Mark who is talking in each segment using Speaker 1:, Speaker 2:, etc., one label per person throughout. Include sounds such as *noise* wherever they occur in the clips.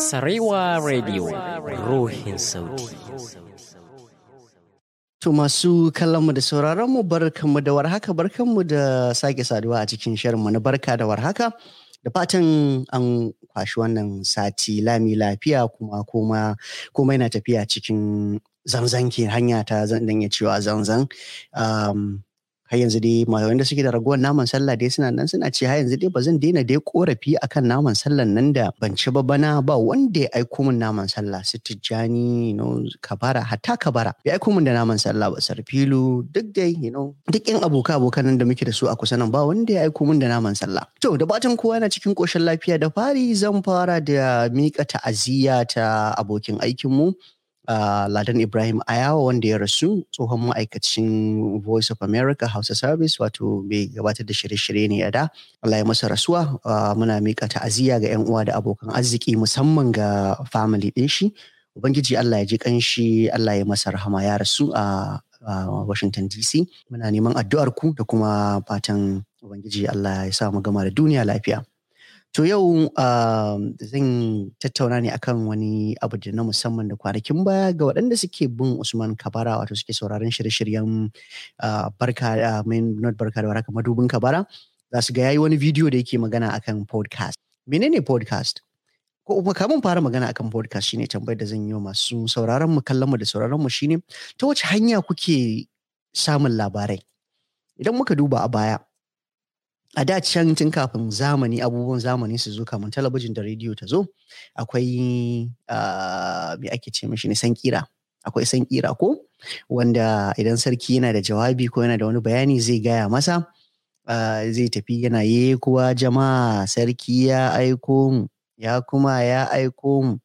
Speaker 1: Sarewa Radio Ruhin Sauti.
Speaker 2: To masu kallonmu da sauraronmu barkanmu da warhaka barkanmu da sake saduwa a cikin shirinmu na barka da warhaka. Da fatan an kwashi wannan sati lami lafiya kuma koma komai na tafiya cikin zanzan ke hanya ta zan danya cewa zanzan. Um, har yanzu dai malaman da suke da ragowar naman sallah dai suna nan suna ce har yanzu dai ba zan daina dai korafi akan naman sallan nan da ban ci ba bana ba wanda ya aiko min naman sallah su tijjani you know kabara hatta kabara ya aiko min da naman sallah ba sarfilu duk dai you know duk in aboka abokan nan da muke da su a kusa nan ba wanda ya aiko min da naman sallah to da batun kowa yana cikin koshin lafiya da fari zan fara da mika ta'aziyya ta abokin aikin mu Ladan Ibrahim Ayawa wanda ya rasu tsohon ma'aikacin Voice of America Hausa Service wato mai gabatar da shirye-shirye ne a da. Allah ya masa rasuwa muna miƙa ta'aziyya ga 'yan uwa da abokan arziki musamman ga family ɗin shi. Ubangiji Allah ya ji ƙanshi Allah ya masa rahama ya rasu a Washington DC. Muna neman addu'ar ku da kuma fatan Ubangiji Allah ya sa mu gama da duniya lafiya. To yau ah, zan tattauna ne akan wani abu da na musamman da kwanakin baya ga waɗanda suke bin Usman Kabara wato suke sauraron shirye-shiryen ah, barka ah, main not barka da waraka madubin Kabara za su ga yayi wani bidiyo da yake magana akan podcast. Menene podcast? Ko kuma kamun fara magana akan podcast shine tambayar da zan yi wa masu sauraron mu kallon mu da sauraron mu shine ta wace hanya kuke samun labarai? Idan muka duba a baya a da can tun kafin zamani abubuwan zamani su zo kamun talabijin da rediyo ta zo akwai ah, me ake ce mishi ne san akwai san ko wanda idan sarki yana da jawabi ko yana da wani bayani zai gaya masa ah, zai tafi yana ye kuwa jama'a sarki ya aiko mu ya kuma ya aiko mu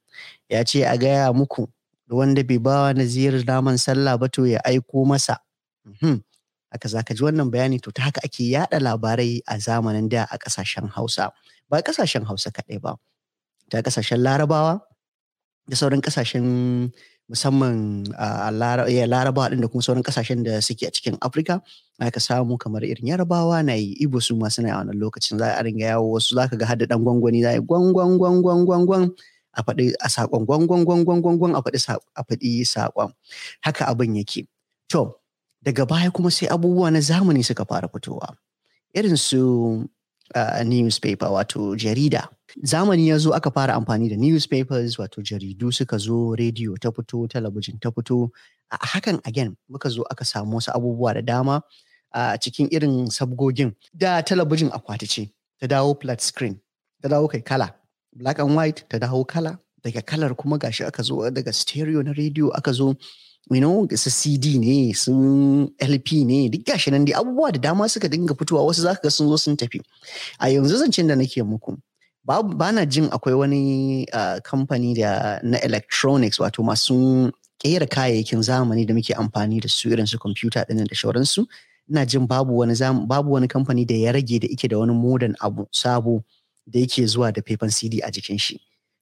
Speaker 2: ya ce a gaya muku wanda bai ba wa nazirar naman sallah ba to ya aiko masa mhm. Aka za ji wannan bayani to ta haka ake yada labarai a zamanin da a kasashen hausa ba ƙasashen hausa kadai ba ta ƙasashen larabawa da sauran ƙasashen musamman a larabawa ɗin da kuma sauran kasashen da suke a cikin Afrika. aka samu kamar irin yarabawa na yi ibo su ma suna a wannan lokacin za a ringa yawo wasu za ka ga hada ɗan gwangwani za yi gwangwan gwangwan gwangwan a faɗi a saƙon gwangwan gwangwan gwangwan a faɗi saƙon haka abin yake to daga baya kuma sai abubuwa na zamani suka fara fitowa irin su uh, newspaper wato jarida zamani ya zo aka fara amfani da newspapers wato jaridu suka zo rediyo ta fito talabijin ta fito a uh, hakan again muka zo aka samu wasu abubuwa da dama a uh, cikin irin sabgogin da talabijin akwatice ta dawo flat screen ta dawo kai kala black and white ta dawo kala daga kalar kuma gashi aka zo daga stereo na rediyo aka zo you know su cd ne su lp ne duk gashi nan dai abubuwa da dama suka dinga fitowa wasu za ga sun zo sun tafi a yanzu zancen da nake muku ba na jin akwai wani kamfani da na electronics wato masu kera kayayyakin zamani da muke amfani da su irin su kwamfuta ɗin da shauransu ina jin babu wani babu wani kamfani da ya rage da ike da wani modern abu sabo da yake zuwa da faifan cd a jikin shi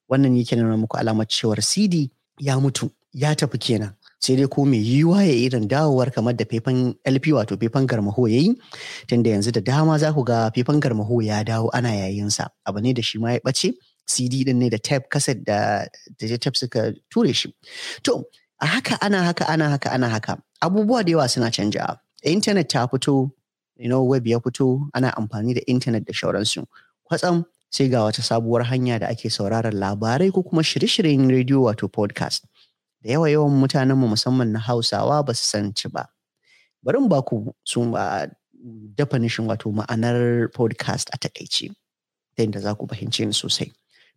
Speaker 2: wannan yake nuna muku alamar cewar cd ya mutu ya tafi kenan sai dai ko mai yiwuwa ya irin dawowar kamar da faifan LP wato faifan garmaho ya yi tunda yanzu da dama za ku ga faifan garmaho ya dawo ana yayinsa abu ne da shi ma ya ɓace CD din ne da tape kaset da da tape suka ture shi to a haka ana haka ana haka ana haka abubuwa da yawa suna canjawa internet ta fito you know web ya fito ana amfani da internet da shauransu kwatsam sai ga wata sabuwar hanya da ake sauraron labarai ko kuma shirye-shiryen rediyo wato podcast da yawa yawan mutanen mu musamman na hausawa ba su san ci ba bari ba ku su definition wato ma'anar podcast a takaice ta yadda za ku fahimci ni sosai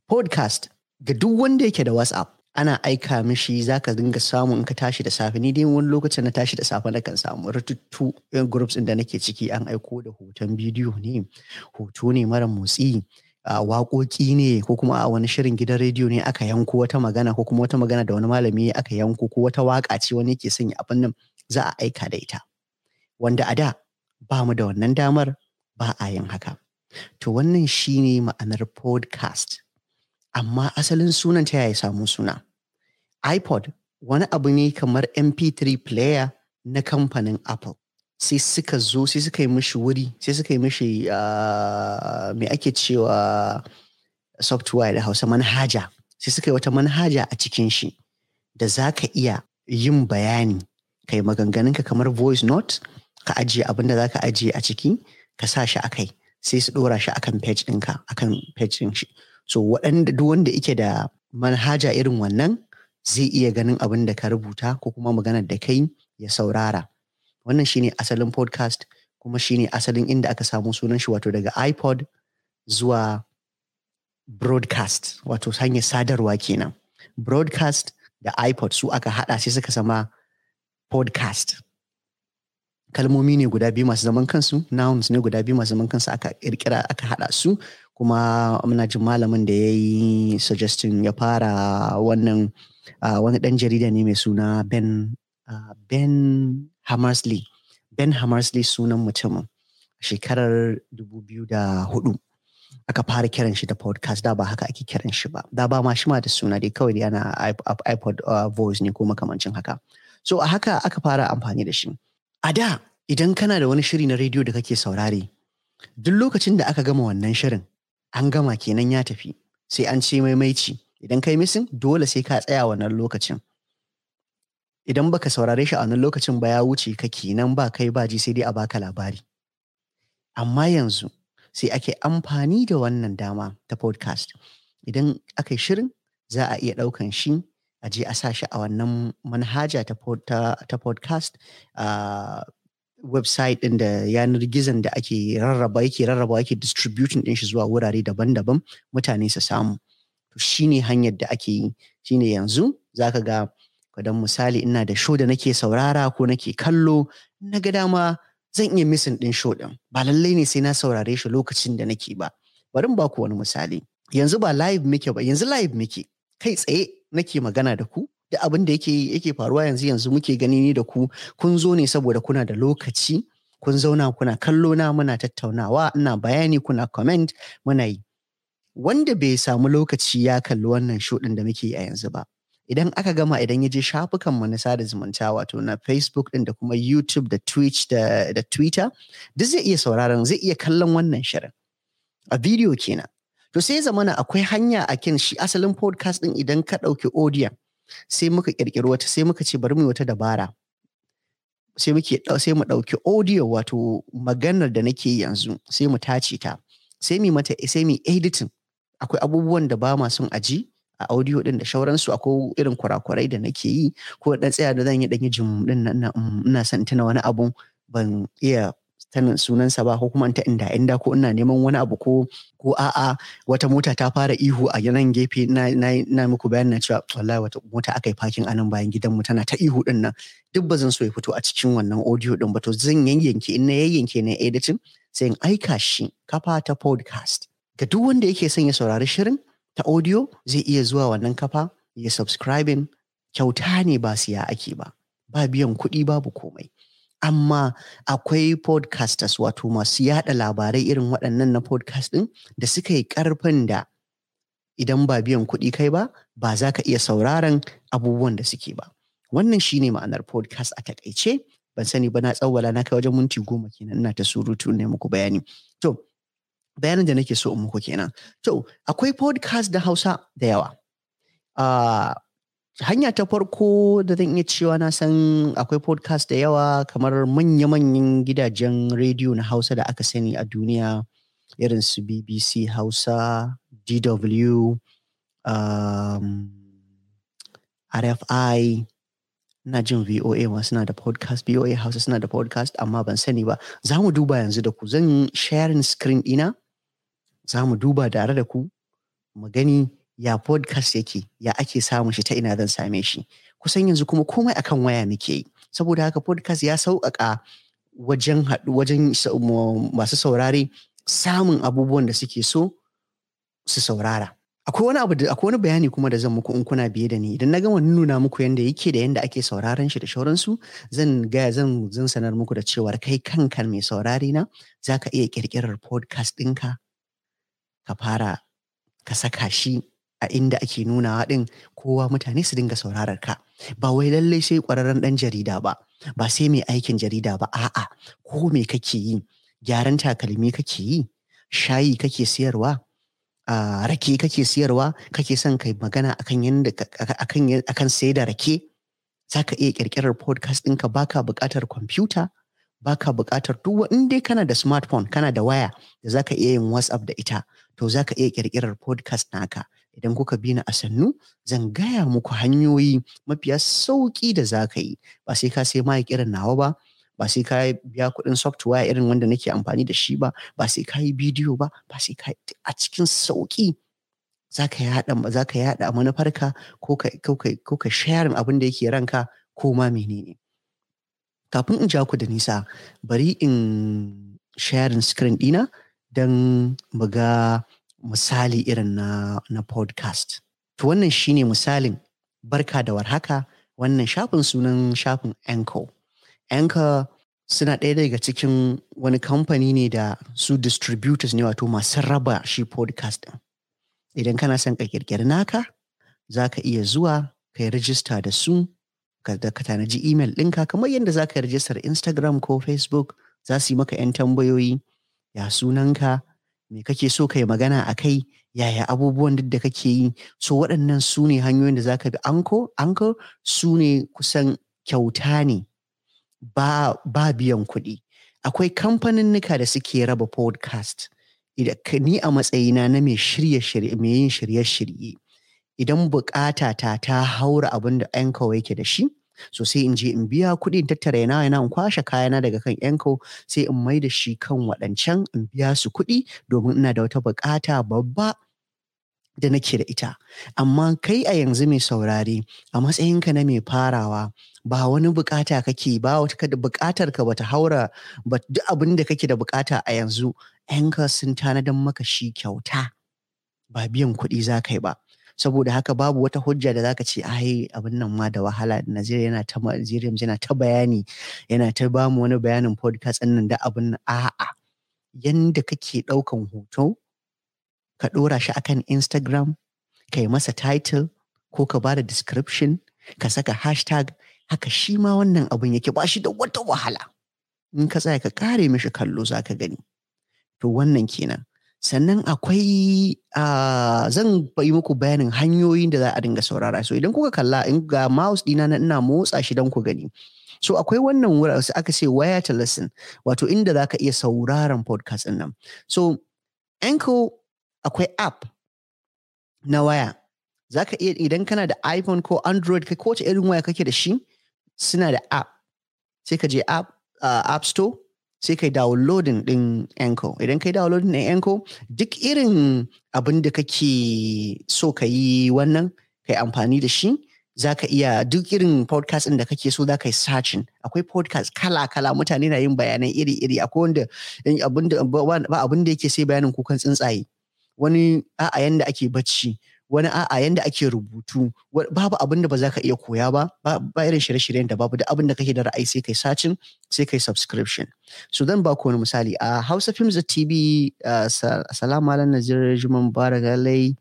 Speaker 2: podcast ga duk wanda yake da whatsapp ana aika mishi za ka dinga samu in ka tashi da safe ni dai wani lokacin na tashi da safe na kan samu rututtu eh, groups da nake ciki an aiko da hoton bidiyo ne hoto ne mara motsi A waƙoƙi ne ko kuma a wani shirin gidan rediyo ne aka yanko wata magana ko kuma wata magana da wani malami aka yanko ko wata waka ce wani ke sanya abin nan za a aika da ita wanda a da ba mu da wannan damar ba a yin haka to wannan shine ma'anar podcast amma asalin sunan ta yaya samu suna ipod wani abu ne kamar mp3 player na kamfanin apple sai suka zo sai suka yi mishi wuri sai suka yi mishi ah, me ake cewa software da hausa manhaja sai suka yi wata manhaja a cikin shi da za ka iya yin bayani ka kai maganganunka kamar voice note ka ajiye abin da za ka ajiye a ciki ka sa shi a kai sai su ɗora shi akan page ɗinka akan page ɗin shi so waɗanda duk wanda yake da manhaja irin wannan zai iya ganin abin da ka rubuta ko kuma maganar da kai ya saurara wannan shine asalin podcast kuma shine asalin inda aka samu sunan shi wato daga iPod zuwa broadcast wato hanyar sadarwa kenan broadcast da iPod su aka hada sai suka sama podcast kalmomi ne guda biyu masu zaman kansu nouns ne guda biyu masu zaman kansu aka kirkira aka hada su kuma muna jin malamin da ya yi suggestion ya fara wannan ah, wani dan jarida ne mai suna ben ah, ben Hammersley, Ben Hammersley sunan mutumin shekarar 2004 aka fara kiran shi da podcast da ba haka ake kiran shi ba da ba ma shi ma da suna dai kawai yana iPod uh, voice ne ko makamancin haka so a haka aka fara amfani da shi a da idan kana da wani shiri na rediyo da kake saurare duk lokacin da aka gama wannan shirin an gama kenan ya tafi sai an ce maimaici idan kai misin dole sai ka tsaya wannan lokacin idan baka saurare shi a wannan lokacin ba ya wuce ka kenan ba kai ba ji sai dai a baka labari amma yanzu sai ake amfani da wannan dama ta podcast idan aka yi shirin za a iya ɗaukan shi a je a sa shi a wannan manhaja ta, podcast a website ɗin da yanar gizon da ake rarraba yake rarraba yake distributing ɗin shi zuwa wurare daban-daban mutane su samu to shine hanyar da ake yi shine yanzu zaka ga Don misali ina da show da nake saurara ko nake kallo na ga dama zan iya misin ɗin show ɗin ba lallai ne sai na saurare shi lokacin da nake ba. Bari ba ku wani misali. Yanzu ba live muke ba yanzu live muke kai tsaye nake magana da ku da abin da yake yake faruwa yanzu yanzu muke gani ni da ku kun zo ne saboda kuna da lokaci kun zauna kuna kallo na muna tattaunawa ina bayani kuna comment muna yi wanda bai samu lokaci ya kalli wannan shoɗin da muke yi a yanzu ba idan aka gama idan ya je shafukanmu na sada zumunta wato na facebook ɗin da kuma youtube da twitch da, da twitter duk zai iya sauraron zai iya kallon wannan shirin a bidiyo kenan to sai zamana akwai hanya a kin shi asalin podcast din idan ka ɗauki audio sai muka ƙirƙiri wata sai muka ce bari mu wata dabara sai muke sai mu ɗauki audio wato maganar da nake yanzu sai mu tace ta sai mu mata sai mu editing akwai abubuwan da ba ma son aji a audio din da shauransu akwai irin kurakurai da nake yi ko dan tsaya da zan yi dan jin din nan mm, ina son tuna wani abu ban iya sanin sunansa ba ko kuma ta inda inda ko ina neman wani abu ko ko a'a wata mota ta fara ihu a nan gefe na na muku bayan na cewa wallahi wata mota aka yi fakin a nan bayan mu tana ta ihu din nan duk bazan so ya fito a cikin wannan audio din ba to zan yayyanke in na yayyanke na editing sai in aika shi kafa ta podcast ga duk wanda yake son ya saurari shirin ta audio zai iya zuwa wannan kafa ya subscribing kyauta ne ba siya ake ba ba biyan kuɗi babu komai amma akwai podcasters wato masu yada labarai irin waɗannan na podcast ɗin da suka yi ƙarfin da idan ba biyan kuɗi kai ba ba za ka iya sauraron abubuwan da suke ba wannan shine ma'anar podcast a takaice ban sani ba na tsawwala na kai wajen minti goma kenan ina ta surutu ne muku bayani to bayanin da nake so in muku kenan to akwai podcast da hausa da yawa uh, hanya ta farko da zan iya cewa na san akwai podcast da yawa kamar manya-manyan gidajen rediyo na hausa da aka sani a duniya irin su bbc hausa dw um, rfi na jin voa ma suna da podcast voa hausa suna da podcast amma ban sani ba za mu duba yanzu da ku zan sharing screen ina za mu duba tare da ku mu gani ya podcast yake ya ake samun shi ta ina zan same shi kusan yanzu kuma komai akan waya muke yi saboda haka podcast ya sauƙaƙa wajen wajen masu saurare samun abubuwan da suke so su saurara akwai wani abu akwai wani bayani kuma da zan muku in kuna biye da ni idan na gama nuna muku yanda yake da yanda ake sauraron shi da shauransu zan gaya zan zan sanar muku da cewa kai kanka mai saurari na zaka iya kirkirar podcast ɗinka ka fara ka saka shi a inda ake nunawa ɗin kowa mutane su dinga saurarar ka ba wai lallai sai ƙwararren ɗan jarida ba ba sai mai aikin jarida ba a'a ko me kake yi gyaran takalmi kake yi shayi kake siyarwa rake kake siyarwa kake son kai magana akan yanda akan akan da rake zaka iya kirkirar podcast ɗinka baka bukatar kwamfuta baka buƙatar duk in dai kana da smartphone kana da waya da zaka iya yin WhatsApp da ita to zaka iya ƙirƙirar podcast naka idan kuka bi ni a sannu zan gaya muku hanyoyi mafiya sauƙi da zaka yi ba sai ka sai mai kirin nawa ba ba sai ka biya kuɗin software irin wanda nake amfani da shi ba ba sai ka yi bidiyo ba ba sai ka a cikin sauƙi zaka yaɗa zaka yaɗa manufarka ko ka ko ka ko ka sharing abin da yake ranka ko ma menene kafin in ja ku da nisa bari in sharing screen dina don mu ga misali irin na, na podcast. To wannan shine misalin barka da warhaka wannan shafin sunan shafin Anko. Anko suna ɗaya daga cikin wani kamfani ne da su distributors ne wato masu raba shi podcast ɗin. Idan kana son ka kirkiri naka, za ka iya zuwa ka yi rijista da su ka tanaji email ɗinka kamar yadda za ka rajistar Instagram ko Facebook za su yi maka 'yan tambayoyi ya sunanka me kake so ka yi magana a kai yaya abubuwan duk da kake yi so waɗannan su ne hanyoyin da za ka bi anko anko su ne kusan kyauta ne ba, biyan kuɗi akwai kamfaninnika da suke raba podcast ni a matsayina na mai shirye shirye mai yin shirye shirye idan bukata ta ta haura abin da anko yake da shi so sai in je in biya kuɗi in tattara yana yana in kwashe kayana daga kan anko sai in mai da shi kan waɗancan in biya su kuɗi domin ina da wata bukata babba da nake da ita amma kai a yanzu mai saurari a matsayinka na mai farawa ba wani bukata kake ba wata bukatar ka bata haura ba duk abin da kake da bukata a yanzu yanka sun tanadar maka shi kyauta ba biyan kuɗi za ka yi ba saboda haka babu wata hujja da zaka ce ai abin nan ma da wahala Najeriya yana ta Najeriya yana ta bayani yana ta ba mu wani bayanin podcast ɗin nan da abin a'a yanda kake ɗaukan hoto ka ɗora shi akan Instagram ka masa title ko ka bada da description ka saka hashtag haka shi ma wannan abin yake ba shi da wata wahala in ka tsaya ka kare mishi kallo zaka gani to wannan kenan sannan akwai ah, zan yi muku bayanin hanyoyin da za a dinga saurara so idan kuka kalla in ga mouse dina na ina motsa shi don ku gani so akwai wannan wura su aka ce waya to listen wato inda za ka iya sauraron podcast nan so enko akwai app na waya za ka iya idan kana da iphone ko android ka kowace irin waya kake da shi suna da app sai ka je app uh, app store sai kai downloading din enko idan kai downloading din enko duk irin abin da kake so ka yi wannan kai amfani da shi za ka iya duk irin podcast da kake so za ka yi searching akwai podcast kala-kala mutane na yin bayanai iri-iri akwai wanda ba abin da yake sai bayanin kukan tsuntsaye wani a'a yanda ake bacci wani a'a yanda ake rubutu babu abin da ba za ka iya koya ba ba irin shirye-shiryen da babu da abin da kake da ra'ayi sai kai sacin sai kai subscription so zan ba ku wani misali a Hausa Films TV salamu alaikum Nazir Juman Baragalai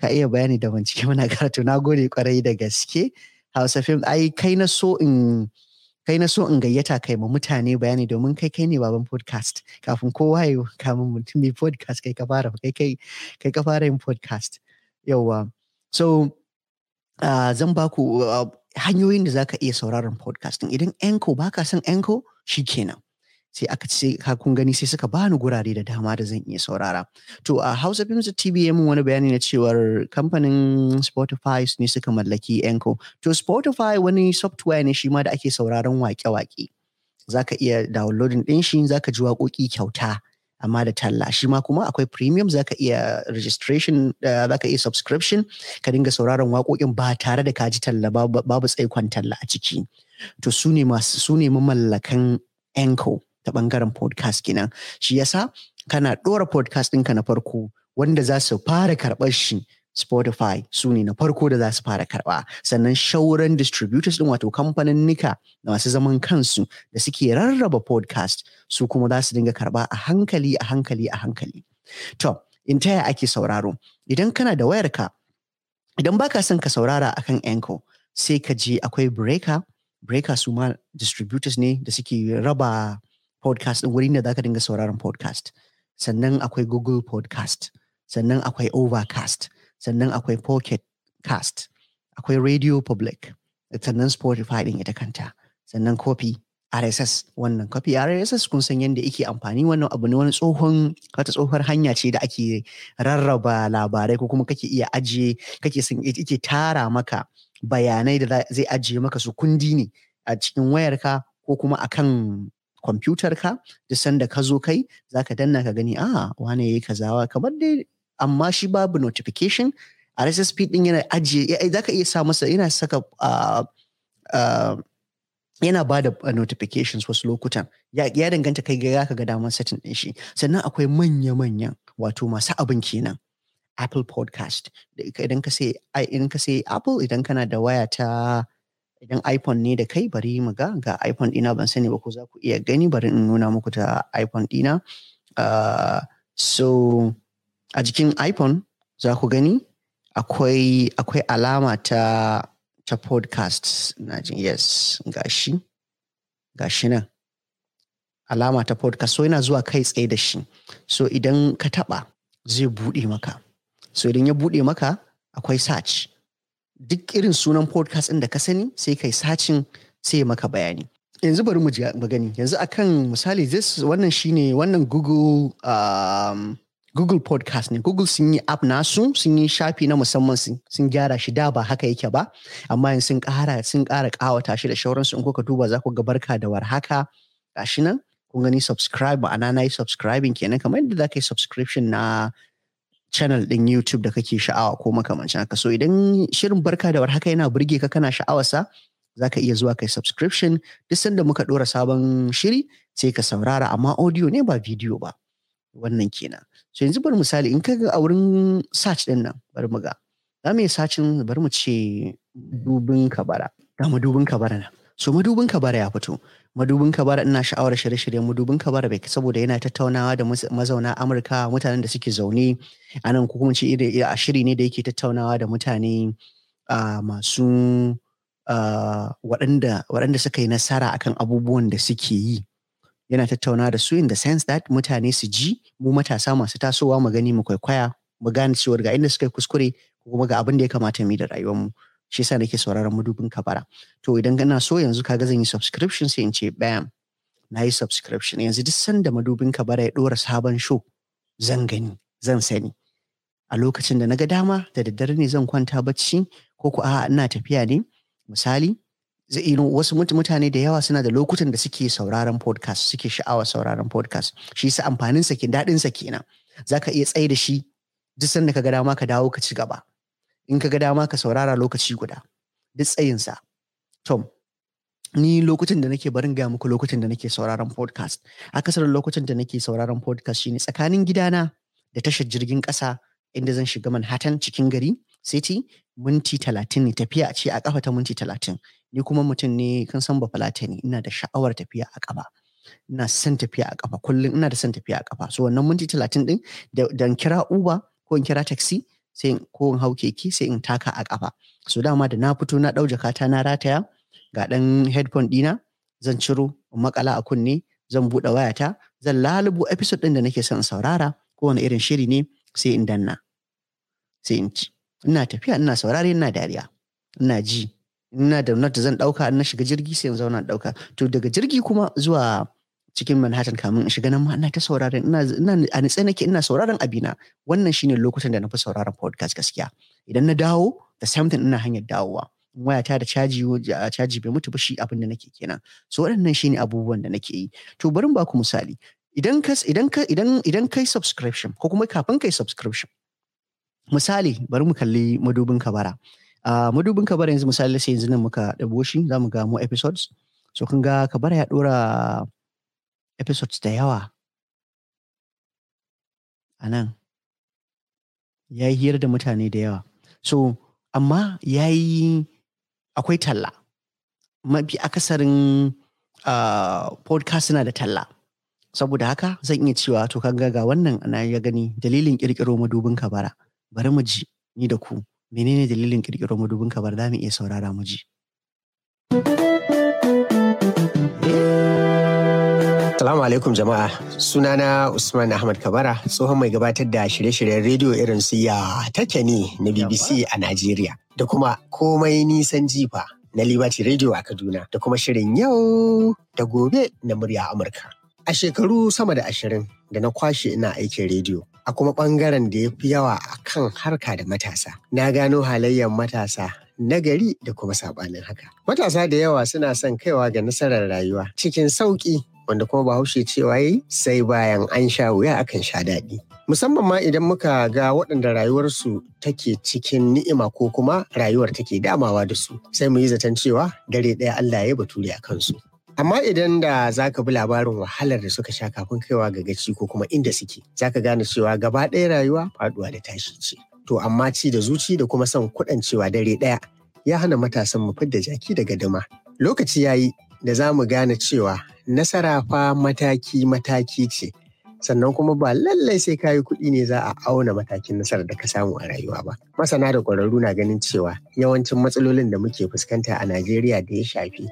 Speaker 2: ka iya bayani da bincike muna karatu na gode kwarai da gaske Hausa Films ai kai na so in kai na so in gayyata kai ma mutane bayani domin kai kai ne baban podcast kafin kowa ya kamun mutum mai podcast kai ka fara kai kai kai ka fara yin podcast Yauwa. So, uh, zan ba ku uh, ah, hanyoyin da za ka iya sauraron podcasting. Idan Enko ba ka son Enko, shi kenan. sai aka ce kun gani sai suka bani gurare da dama da zan iya saurara to a Hausa Films TV ya mun wani bayani na cewar kamfanin Spotify ne suka mallaki Enko to Spotify wani software ne shi ma da ake sauraron wake-wake ka iya downloading ɗin shi za ka ji waƙoƙi kyauta amma da talla shi ma kuma akwai premium zaka iya registration eh, zaka iya subscription ka dinga sauraron waƙoƙin ba tare da kaji talla babu tsaikon talla a ciki to su ne masu su ne mamallakan anko ta bangaren podcast kenan shi yasa kana ɗora podcast ɗinka na farko wanda za su fara karɓar shi Spotify su ne na farko da za su fara karɓa sannan shauran distributors ɗin wato kamfanin nika da masu zaman kansu da suke rarraba podcast su kuma za su dinga karba a hankali a hankali a hankali to in taya ake sauraro idan kana da wayarka idan baka son ka saurara akan anko sai ka je akwai breaker breaker su ma distributors ne da suke raba podcast din wurin da ka dinga sauraron podcast sannan akwai google podcast sannan akwai overcast sannan akwai pocket cast akwai radio public sannan spotify din ita kanta sannan copy RSS wannan copy RSS kun san yadda ike amfani wannan abu ne wani tsohon wata tsohuwar hanya ce da ake rarraba labarai ko kuma kake iya ajiye kake sun ike tara maka bayanai da zai ajiye maka su kundi ne a cikin wayarka ko kuma akan kwamfutar ka duk sanda ka zo kai za ka danna ka gani a ah, wane yayi kazawa kamar dai amma shi babu notification RSS feed din yana ajiye za ka iya sa masa yana saka yana ba da notifications wasu lokutan ya, danganta kai ga ka ga damar setting din shi sannan akwai manya-manyan wato masu abin kenan Apple podcast idan ka sai idan ka sai Apple idan kana da waya ta idan iPhone ne da kai bari mu ga ga iPhone dina ban sani ba ko za ku iya gani bari in nuna muku ta iPhone dina uh, ah, so a jikin iphone za ku gani akwai akwai alama ta ta podcast na jin yes gashi gashi nan alama ta podcast so yana zuwa kai tsaye da shi so idan ka taba zai bude maka so idan ya buɗe maka akwai search duk irin sunan podcast ɗin da ka sani sai kai sacin sai maka bayani yanzu bari mu gani yanzu akan misali this wannan shine wannan google um, Google Podcast ne. Google sun yi app nasu, sun yi shafi na musamman sun gyara shi da ba haka yake ba, amma yin sun ƙara sun ƙara ƙawata shi da shauransu in kuka duba za ku ga barka da warhaka gashi nan kun gani subscribe ma'ana na yi subscribing kenan kamar yadda za ka yi subscription na channel ɗin YouTube da kake sha'awa ko makamancin haka. So idan shirin barka da haka yana burge ka kana sa za ka iya zuwa kai subscription duk sanda muka ɗora sabon shiri sai ka saurara amma audio ne ba video ba. wannan kenan so yanzu bari misali in ka ga a wurin search din nan bari mu ga za mu yi sacin bari mu ce dubin kabara ga madubin kabara nan so madubin kabara ya fito madubin kabara ina sha'awar shirye-shiryen madubin kabara bai saboda yana tattaunawa da mazauna amurka mutanen da suke zaune a nan ko kuma ce a shiri ne da yake tattaunawa da mutane masu waɗanda suka yi nasara akan abubuwan da suke yi yana tattauna da su in the sense that mutane su ji mu matasa masu tasowa mu gani mu kwaikwaya mu gane cewa ga inda suka yi kuskure kuma ga abin da ya kamata mu yi da mu shi yasa nake sauraron madubin kabara to idan kana so yanzu kaga zan yi subscription sai in ce bam na yi subscription yanzu duk sanda madubin kabara ya dora sabon show zan gani zan sani a lokacin da na ga dama da daddare ne zan kwanta bacci ko ku a'a ina tafiya ne misali you wasu wasu mutane da yawa suna da lokutan da suke sauraron podcast suke sha'awa sauraron podcast shi sa amfanin sa ke dadin sa kenan zaka iya tsaye da shi duk sanda ka ga dama ka dawo ka ci gaba in ka ga dama ka saurara lokaci guda duk tsayin sa tom ni lokutan da nake barin ga muku lokutan da nake sauraron podcast akasar lokutan da nake sauraron podcast shine tsakanin gidana da tashar jirgin kasa inda zan shiga Manhattan cikin gari city minti talatin ne tafiya ce a kafa ta minti talatin ni kuma mutum ne kan san bafalata ne ina da sha'awar tafiya a kafa ina son tafiya a kafa kullum ina da son tafiya a kafa so wannan minti talatin din da in kira uber ko in kira taxi sai ko in hau keke sai in taka a kafa so dama da na fito na ɗau jakata na rataya ga ɗan headphone dina zan ciro in makala a kunne zan buɗe wayata zan lalubu episode ɗin da nake son saurara ko wani irin shiri ne sai in danna sai in ci ina tafiya ina saurare ina dariya ina ji ina da nota zan dauka ina shiga jirgi sai in zauna dauka to daga jirgi kuma zuwa cikin Manhattan kamin in shiga nan ma ina ta saurari ina ina a nitse nake ina sauraron abina wannan shine lokutan da na fi sauraron podcast gaskiya idan na dawo da something ina hanyar dawowa wayata da caji caji bai mutu ba shi abin da nake kenan so waɗannan shine abubuwan da nake yi to bari ba ku misali idan ka idan ka idan idan kai subscription ko kuma kafin kai subscription misali bari mu kalli madubin kabara uh, madubin kabara yanzu misali sai yanzu nan muka ɗabo shi za mu ga mu episodes so kun ga kabara ya ɗora episodes da yawa a nan ya yi hira da mutane da yawa so amma ya yi akwai talla mafi akasarin uh, podcast suna da talla saboda haka zan iya cewa to kan ga wannan ana ya gani dalilin kirkiro madubin kabara bari mu ji ni da ku
Speaker 1: menene dalilin
Speaker 2: kirkirar madubin ka bar mu iya saurara mu ji.
Speaker 1: Salamu alaikum jama'a sunana Usman Ahmad Kabara tsohon mai gabatar da shirye-shiryen rediyo irin su ya take ni na BBC a Najeriya da kuma komai nisan jifa na Liberty Radio a Kaduna da kuma shirin yau da gobe na murya Amurka. A shekaru sama da ashirin da na kwashe ina aikin rediyo, a kuma ɓangaren da ya fi yawa a kan harka da matasa. Na gano halayyar matasa nagari da kuma saɓanin haka. Matasa da yawa suna son kaiwa ga nasarar rayuwa cikin sauƙi wanda kuma bahaushe cewa yi sai bayan an sha wuya akan sha daɗi. Musamman ma idan muka ga waɗanda rayuwarsu take cikin ni'ima ko kuma rayuwar take damawa da su sai mu yi zaton cewa dare ɗaya Allah ya baturi a kansu. Amma idan da za ka bi labarin wahalar da suka sha kafin kaiwa ga gaci ko kuma inda suke, za ka gane cewa gaba ɗaya rayuwa faɗuwa da tashi ce. To amma ci da zuci da kuma son kuɗancewa dare ɗaya ya hana matasan mu fidda jaki daga dama. Lokaci ya yi da za mu gane cewa nasara fa mataki-mataki ce, sannan kuma ba lallai sai ka yi kuɗi ne za a auna matakin nasarar da ka samu a rayuwa ba. Masana da ƙwararru na ganin cewa yawancin matsalolin da muke fuskanta a Najeriya da ya shafi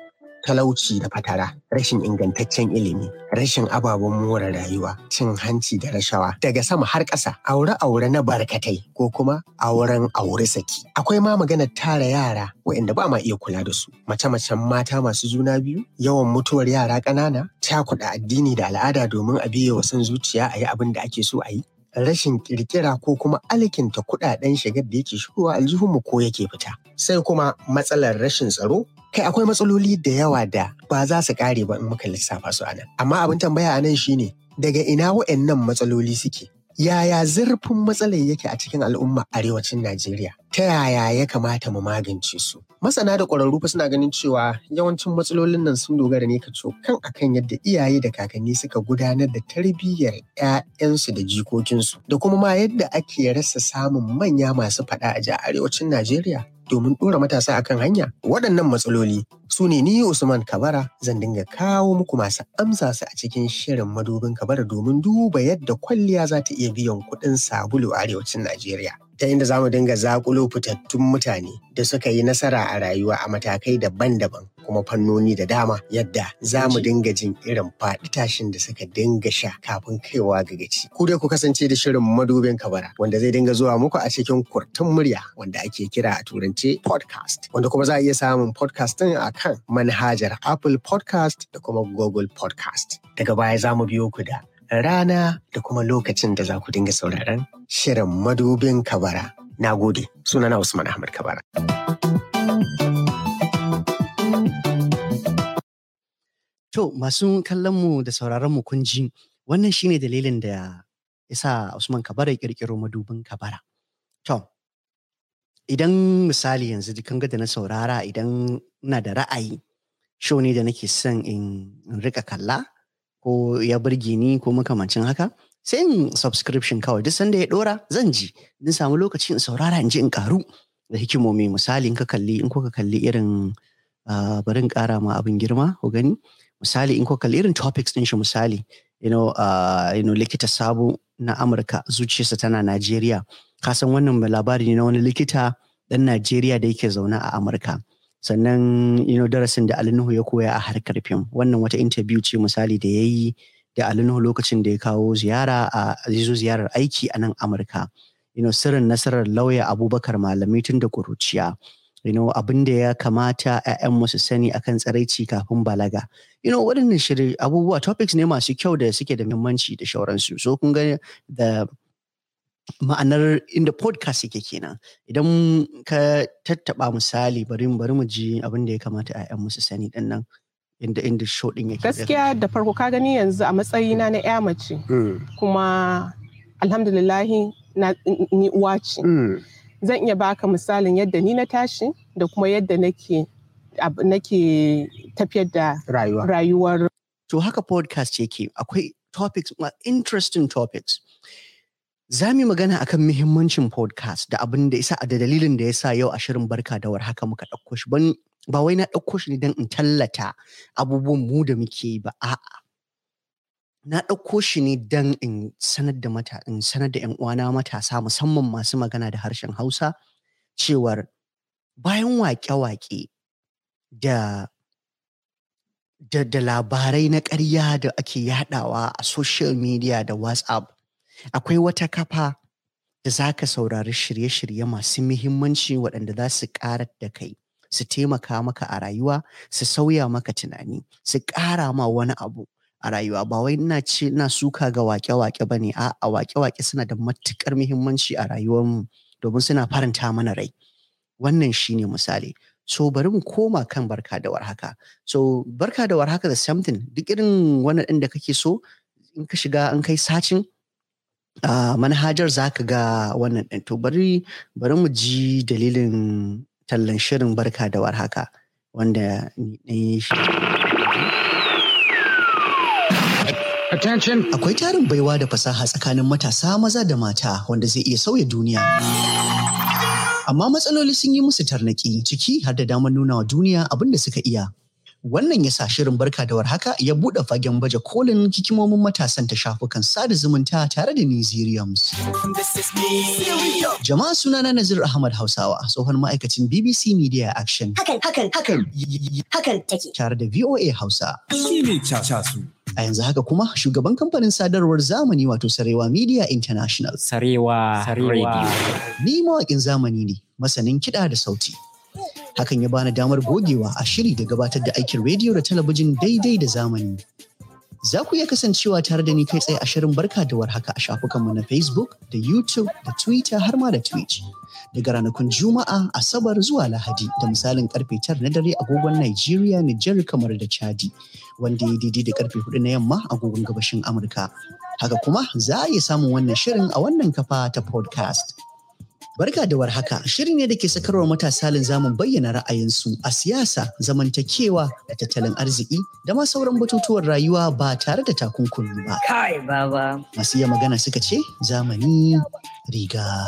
Speaker 1: talauci da fatara, rashin ingantaccen ilimi, rashin ababen more rayuwa, cin hanci da rashawa, daga sama har ƙasa, aure-aure na barkatai ko kuma auren aure saki. Akwai ma maganar tara yara waɗanda ba ma iya kula da su, mace-macen mata masu juna biyu, yawan mutuwar yara ƙanana, cakuɗa addini da al'ada domin a biye wa son zuciya a yi abin da ake so a yi, rashin ƙirƙira ko kuma alikinta kuɗaɗen shigar da yake shigowa aljihunmu ko yake fita. Sai kuma matsalar rashin tsaro Kai akwai matsaloli da yawa da ba za su kare ba in muka lissafa su anan. Amma abin tambaya anan shine daga ina wa'annan matsaloli suke? Yaya zurfin matsalar yake a cikin al'umma arewacin Najeriya? Ta yaya ya kamata mu magance su? Masana da ƙwararru fa suna ganin cewa yawancin matsalolin nan sun dogara ne ka kan akan yadda iyaye da kakanni suka gudanar da tarbiyyar 'ya'yansu da jikokinsu da kuma ma yadda ake rasa samun manya masu faɗa a arewacin Najeriya domin ɗora matasa akan hanya? Waɗannan matsaloli su ne ni Usman Kabara zan dinga kawo muku masu amsa su a cikin shirin madubin Kabara domin duba yadda kwalliya za ta iya biyan kuɗin sabulu a arewacin Najeriya. ta inda za mu dinga zakulo fitattun mutane da suka yi nasara a rayuwa a matakai daban-daban kuma fannoni da dama yadda za mu dinga jin irin faɗi tashin da suka dinga sha kafin kaiwa ga gaci. Ku dai ku kasance da shirin madubin kabara wanda zai dinga zuwa muku a cikin kurtun murya wanda ake kira a turance podcast wanda kuma za a iya samun podcast din a kan manhajar Apple podcast da kuma Google podcast. Daga baya za mu biyo ku da rana da kuma lokacin da za ku dinga sauraron shirin madubin kabara. Na gode, sunana Usman Ahmad Kabara.
Speaker 2: To, masu kallonmu da sauraronmu kun ji wannan shine dalilin da ya sa Usman Kabara ya kirkiro madubin kabara. To, idan misali yanzu kan da na saurara idan na da ra'ayi, shoni da nake son in rika kalla, ko ya burge ni ko makamancin haka sai in subscription kawai duk sanda ya dora zan ji in samu lokaci in saurara in ji in karu da hikimomi misali in ka kalli in kuka kalli irin ah, barin kara ma abin girma ku gani misali in kuka kalli irin topics din shi misali you know, uh, you know likita sabo na amurka zuciyarsa tana najeriya ka san wannan labari ne na wani likita dan najeriya da yake zaune a amurka sannan you know, darasin da alinuhu ya koya a harkar fim wannan wata interview ce misali da ya yi da alinuhu lokacin da ya kawo ziyara a zizo ziyarar aiki a nan amurka you know, sirrin nasarar lauya abubakar malami tun da kuruciya you know, abin da ya kamata 'ya'yan musu sani akan tsaraici kafin balaga you know, waɗannan shirin abubuwa topics ne masu kyau da suke da muhimmanci da shauransu so kun ga the ma'anar inda podcast yake kenan idan ka tattaba misali bari bari mu ji abin da ya kamata a yan musu sani din nan inda inda show din yake gaskiya da
Speaker 1: farko ka gani yanzu a matsayina na ya mace mm. kuma alhamdulillahi na ni uwa ce mm. zan iya baka misalin yadda ni na tashi da kuma yadda nake nake tafiyar da
Speaker 2: rayuwar to haka podcast yake akwai topics interesting topics Za mu magana akan muhimmancin podcast da abin da isa da dalilin da ya sa yau a shirin barka da war haka muka ɗauko shi ba wai na ɗauko shi ne don in tallata abubuwan mu da muke yi ba a'a. Na ɗauko shi ne don in sanar da mata in sanar da 'yan uwana matasa musamman masu magana da harshen Hausa cewar bayan waƙe-waƙe da da, labarai na ƙarya da ake yaɗawa a social media da WhatsApp akwai wata kafa da za ka saurari shirye-shirye masu muhimmanci waɗanda za su ƙara da kai su taimaka maka a rayuwa su sauya maka tunani su ƙara ma wani abu a rayuwa ba wai ina ce ina suka ga wake-wake ba ne a wake-wake suna da matuƙar muhimmanci a rayuwarmu domin suna faranta mana rai wannan shi ne misali so bari mu koma kan barka da warhaka so barka da warhaka da something duk irin wani ɗin da kake so in ka shiga an kai sacin uh, manhajar za ka ga wannan ɗin to bari bari mu ji dalilin tallan shirin barka da warhaka wanda shi Attention. Akwai tarin baiwa da fasaha tsakanin matasa maza da mata wanda zai iya sauya duniya. Amma matsaloli sun yi musu tarnaki ciki har da damar nuna wa duniya abinda suka iya. Wannan ya sa shirin barka da warhaka ya buɗe fagen baje kolin hikimomin matasan ta shafukan sada zumunta tare da Niziriums. Jama'a suna na Nazir Ahmad Hausawa, tsohon ma'aikacin BBC Media Action. Hakan, hakan, hakan, hakan take. Tare da VOA Hausa. Shi ne A yanzu haka kuma shugaban kamfanin sadarwar zamani wato Sarewa Media International. Sarewa. Sarewa. Ni mawakin zamani ne, masanin kiɗa da sauti. Hakan ya bani damar gogewa a shiri da gabatar da aikin rediyo da talabijin daidai da zamani. Za ku iya kasancewa tare da ni kai tsaye a shirin barka da warhaka a shafukanmu na Facebook da YouTube da Twitter har ma da Twitch. Daga ranakun Juma'a, Asabar zuwa Lahadi da misalin karfe tara na dare agogon Najeriya, Nijar kamar da Chadi, wanda ya daidai da karfe hudu na yamma agogon gabashin Amurka. Haka kuma za a iya samun wannan shirin a wannan kafa ta podcast. Barka da warhaka, shirin ne da ke sakarwar matasa zamun bayyana ra'ayinsu a siyasa, zamantakewa da tattalin arziki da ma sauran batutuwan rayuwa ba tare da takunkumi ba.
Speaker 1: Kai baba.
Speaker 2: Masu iya magana suka ce zamani riga.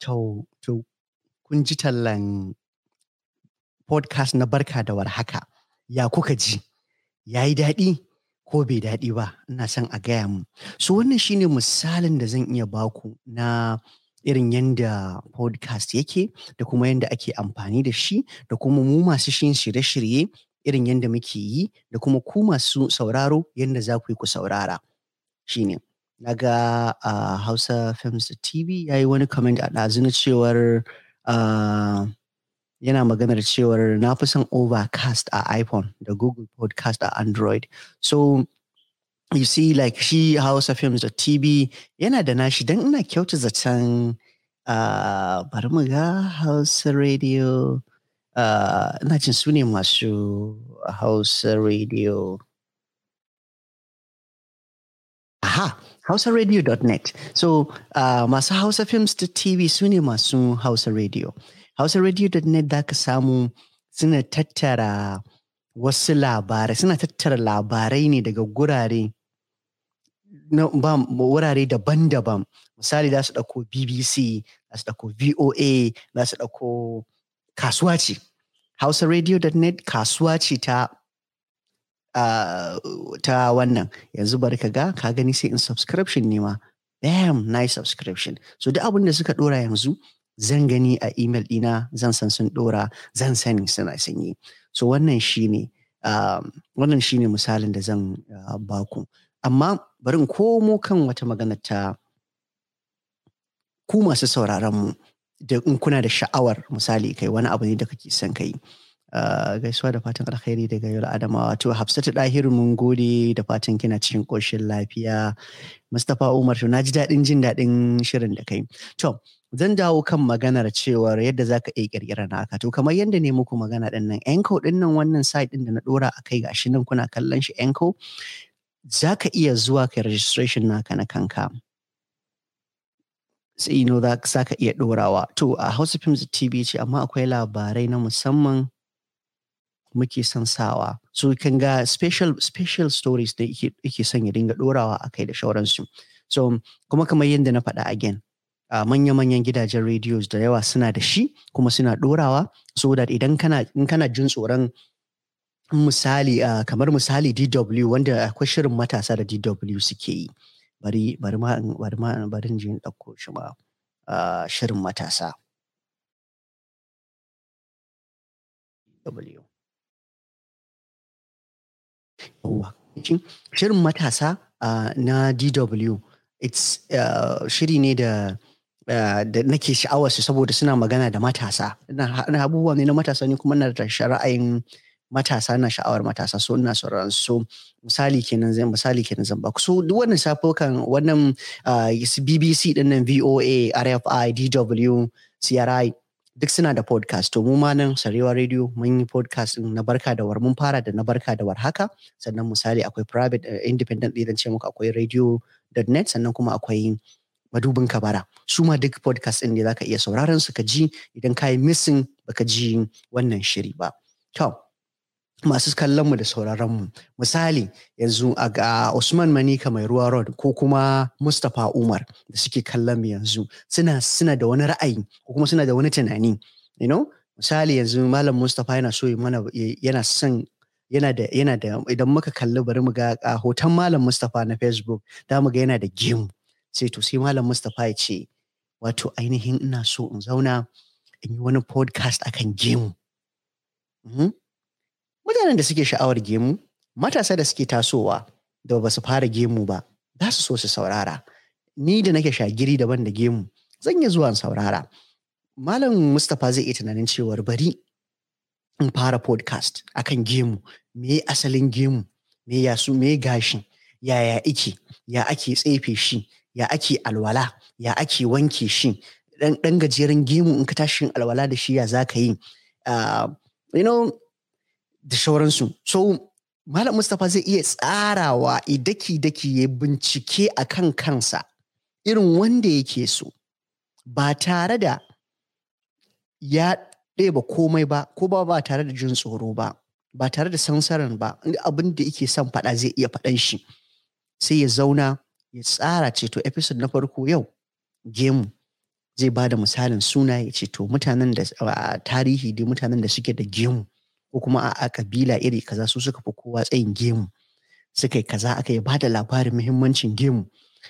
Speaker 2: Tau, tau, kun ji tallan podcast na barka da warhaka ya kuka ji ya yi daɗi ko bai daɗi ba ina son a gaya mu so wannan shine misalin da zan iya baku na irin yanda podcast yake da kuma yanda ake amfani da shi da kuma mu masu shi shirye-shirye irin yanda muke yi da kuma ku masu sauraro yanda za ku yi ku saurara shine na ga uh, hausa films tv ya yi wani comment a ɗazu na cewar uh, yana maganar cewar na fi son overcast a iphone da google podcast a android so you see like shi hausa films da tv yana da nashi don ina kyauta zaton uh, bari mu ga hausa radio ah, ina jin su ne masu hausa radio aha hausaradio.net so uh, masu hausa films da tv su ne masu hausa radio hausaradio.net za ka samu suna tattara wasu labarai suna tattara labarai ne daga gurare na wurare daban-daban misali za su ɗauko bbc za su ɗauko voa za su ɗauko kasuwa ce hausaradio.net kasuwa ce ta Uh, ta wannan yanzu bari ka ga ka gani sai in subscription ne ma bam na yi subscription so duk abin da suka dora yanzu zan gani a email dina zan san sun dora zan sani suna sanyi so wannan shine um, wannan shine misalin da zan uh, baku amma bari in komo kan wata magana ta ku masu sauraron mu da in kuna da sha'awar misali kai wani abu ne da kake son kai Ah, gaisuwa da fatan alkhairi daga yau adamawa to hafsatu dahiru mun gode da fatan kina cikin koshin lafiya mustapha umar to na ji daɗin jin daɗin shirin da kai to zan dawo kan maganar cewar yadda za ka iya ƙirƙirar naka to kamar yadda ne muku magana ɗin nan enko ɗin nan wannan site ɗin da na ɗora a kai gashi nan kuna kallon shi enko za ka iya zuwa kai registration naka na kanka sai you know za ka iya ɗorawa to a house films tv ce amma akwai labarai na musamman muke son sawa so can ga special special stories da yake son ya dinga dorawa a kai da shauransu so kuma kamar yadda na faɗa again uh, manya-manyan gidajen rediyo da yawa suna da shi kuma suna dorawa so that idan kana in kana jin tsoron misali uh, kamar misali DW wanda akwai shirin matasa da DW suke yi bari bari ma bari ma bari in dauko
Speaker 1: shi ma shirin matasa DW
Speaker 2: Shirin matasa uh, na DW, it's shiri ne da da nake sha'awa su saboda suna magana da matasa na abubuwa ne na matasa ne kuma na da ra'ayin matasa na sha'awar matasa so ina sauran so misali kenan zan misali kenan zan baku so duk wannan safukan wannan BBC din nan VOA RFI DW CRI duk suna da podcast to mu ma nan sarewa radio mun yi podcast din na barka da war mun fara da na barka da war haka sannan misali akwai private uh, independent din ce muku akwai radio.net sannan kuma akwai madubin kabara su ma duk podcast din ne zaka iya sauraron su ka ji idan ka yi missing baka ji wannan shiri ba to masu kallon mu da sauraron mu misali yanzu a ga Usman Manika mai ruwa road ko kuma Mustapha Umar da suke kallon yanzu suna suna da wani ra'ayi ko kuma suna da wani tunani you know misali yanzu Malam Mustapha yana so mana yana son yana da yana da idan muka kalli bari mu ga hoton Malam Mustapha na Facebook da mu ga yana da game sai to sai Malam Mustapha ya ce wato ainihin ina so in zauna in yi wani podcast akan game mutanen da suke sha'awar gemu matasa da suke tasowa da ba su fara gemu ba za su so su saurara ni da nake shagiri daban da gemu zan yi zuwa saurara malam mustapha zai iya tunanin cewar bari in fara podcast akan gemu me asalin gemu me yasu me gashi yaya ike ya ake tsefe shi ya ake alwala ya ake wanke shi dan gajeren gemu in ka tashi alwala da shi ya zaka yi ah, you know da shauransu so malam mustapha zai iya tsarawa idaki daki ya bincike a kan kansa irin wanda yake so ba tare da ya ɗeba komai ba ko ba ba tare da jin tsoro ba ba tare da sansaran ba abin da yake son faɗa zai iya faɗan shi sai ya zauna ya tsara Ceto, to episode na farko yau gemu zai ba da misalin sunaye. Ceto, ce to mutanen da tarihi da mutanen da suke da gemu ko kuma a kabila iri kaza su suka fi kowa tsayin gemu suka yi kaza aka yi bada labarin muhimmancin gemu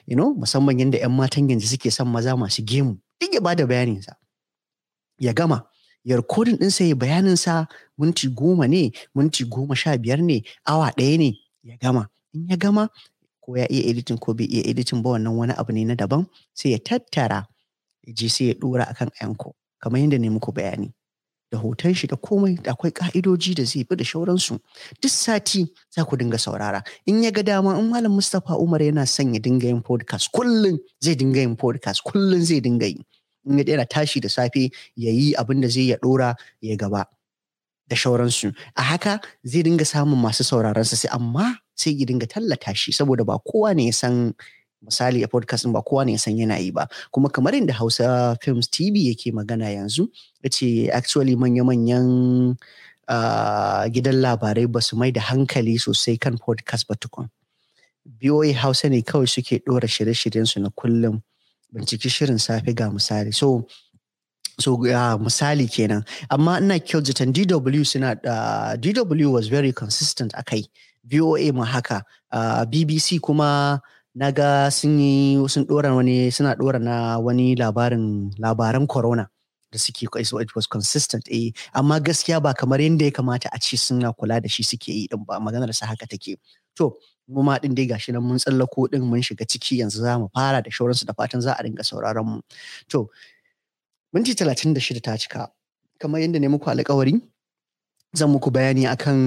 Speaker 2: you know musamman yadda yan matan yanzu suke son maza masu gemu duk ya bada sa. ya gama ya rikodin sai bayanin sa minti goma ne minti goma sha biyar ne awa ɗaya ne ya gama in ya gama ko ya iya editin ko bai iya editin ba wannan wani abu ne na daban sai ya tattara ya je sai ya dora akan anko kamar yadda ne muku bayani da hoton shi da komai da akwai ka'idoji da zai bi da shauransu duk sati za ku dinga saurara in ya ga dama in malam mustapha umar yana son ya dinga yin podcast kullum zai dinga yin podcast kullum zai dinga yi in ya yana tashi da safe ya yi abin da zai ya dora ya gaba da shauransu a haka zai dinga samun masu sauraron sa sai amma sai ya dinga tallata shi saboda ba kowa ne ya san misali a podcast ba kowa ne san yana yi ba kuma kamar inda hausa films tv yake magana yanzu yace ce actually manya-manyan uh, gidan labarai ba su mai da hankali sosai kan podcast ba tukun biyoyi hausa ne kawai suke ɗora shirye shiryen su na kullum binciki shirin safe ga misali so so uh, misali kenan amma ina kyaututan dw suna uh, ah, dw was very consistent a kai voa ma haka uh, bbc kuma na ga sun yi sun dora wani suna dora na wani labarin labaran corona da suke kai so it was consistent eh amma gaskiya ba kamar yadda ya kamata a ce suna kula da shi suke yi din ba maganar sa haka take to mu ma din dai gashi nan mun tsallako din mun shiga ciki yanzu za mu fara da shauransu da fatan za a dinga sauraron mu to minti talatin da shida ta cika kamar yadda ne muku alkawari zan muku bayani akan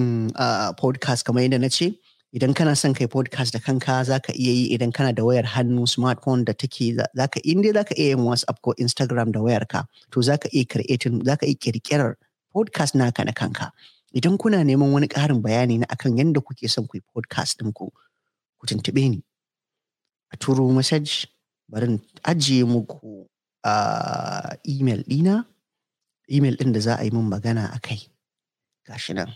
Speaker 2: ah, podcast kamar yadda na ce idan kana son kai podcast da kanka za ka iya yi idan kana da wayar hannu smartphone da take za ka inda za ka iya yin whatsapp ko instagram da wayarka to za ka iya creating za ka iya kirkirar podcast naka na kanka idan kuna neman wani ƙarin bayani na akan yadda kuke son ku podcast din ku ku tuntuɓe ni a turo message bari in ajiye muku a email ɗina email din da za a yi min magana akai kai gashi nan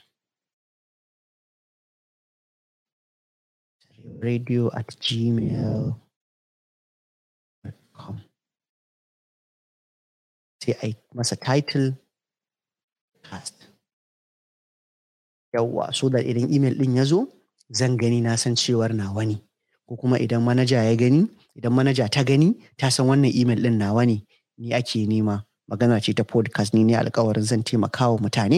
Speaker 2: radio at gmail.com sai a masa title cast yawwa so da idan email ɗin ya zo zan gani na san cewar nawa ne ko kuma idan manaja ya gani idan manaja ta gani ta san wannan email ɗin nawa ne ni ake nema magana ce ta podcast ni ne alkawarin zan taimakawa mutane